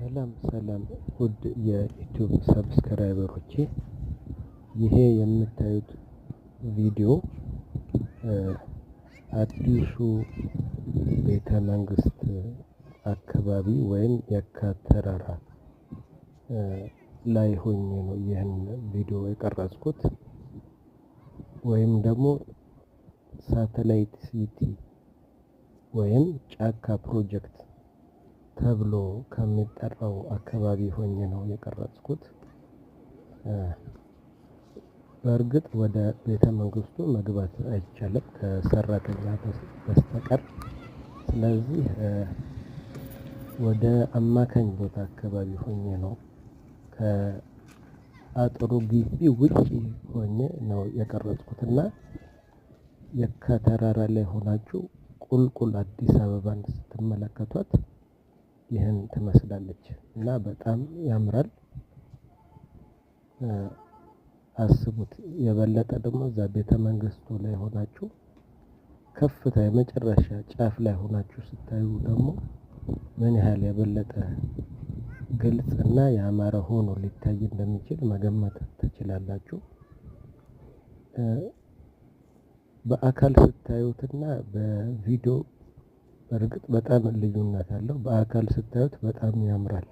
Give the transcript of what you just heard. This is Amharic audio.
ሰላም ሰላም ውድ የዩቲዩብ ሰብስክራይበሮቼ ይሄ የምታዩት ቪዲዮ አዲሱ ቤተ መንግስት አካባቢ ወይም የካ ተራራ ላይ ሆኜ ነው ይህን ቪዲዮ የቀረጽኩት ወይም ደግሞ ሳተላይት ሲቲ ወይም ጫካ ፕሮጀክት ተብሎ ከሚጠራው አካባቢ ሆኜ ነው የቀረጽኩት። በእርግጥ ወደ ቤተ መንግስቱ መግባት አይቻልም ከሰራተኛ በስተቀር። ስለዚህ ወደ አማካኝ ቦታ አካባቢ ሆኜ ነው ከአጥሩ ግቢ ውጭ ሆኜ ነው የቀረጽኩትና የከተራራ ላይ ሆናችሁ ቁልቁል አዲስ አበባን ስትመለከቷት ይህን ትመስላለች እና በጣም ያምራል። አስቡት። የበለጠ ደግሞ እዛ ቤተ መንግስቱ ላይ ሆናችሁ ከፍታ የመጨረሻ ጫፍ ላይ ሆናችሁ ስታዩ ደግሞ ምን ያህል የበለጠ ግልጽ እና ያማረ ሆኖ ሊታይ እንደሚችል መገመት ትችላላችሁ። በአካል ስታዩትና በቪዲዮ በእርግጥ በጣም ልዩነት አለው። በአካል ስታዩት በጣም ያምራል